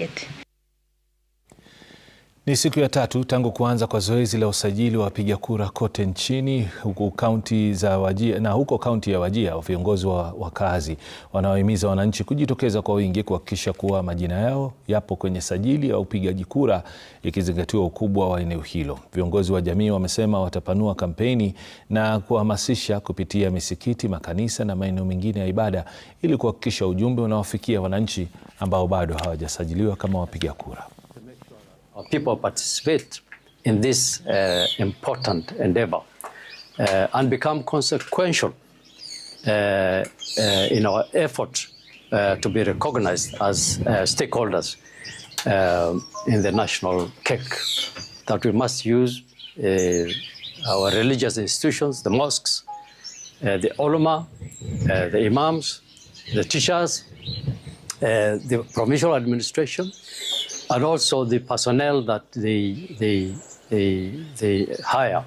it. Ni siku ya tatu tangu kuanza kwa zoezi la usajili wa wapiga kura kote nchini huku kaunti za Wajir, na huko kaunti ya Wajir viongozi wa wakazi wanaohimiza wananchi kujitokeza kwa wingi kuhakikisha kuwa majina yao yapo kwenye sajili ya upigaji kura ikizingatiwa ukubwa wa eneo hilo. Viongozi wa jamii wamesema watapanua kampeni na kuhamasisha kupitia misikiti, makanisa na maeneo mengine ya ibada ili kuhakikisha ujumbe unawafikia wananchi ambao bado hawajasajiliwa kama wapiga kura. people participate in this uh, important endeavor uh, and become consequential uh, in our effort to be recognized as stakeholders in the national cake that we must use our religious institutions, the mosques, uh, the ulama, uh, the imams, the teachers, uh, the provincial administration, and also the personnel that they, they, they, they hire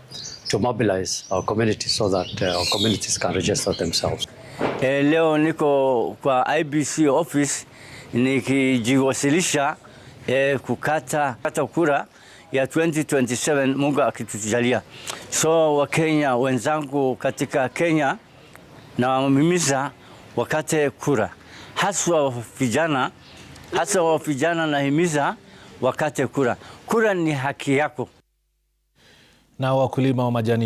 to mobilize our community so that uh, our communities can register themselves. Eh, leo niko kwa IBC office nikijiwasilisha eh, kukata kata kura ya 2027 Mungu akitujalia. So Wakenya wenzangu katika Kenya na wamimiza wakate kura haswa vijana Hasa wa vijana nahimiza wakate kura. Kura ni haki yako. Na wakulima wa majani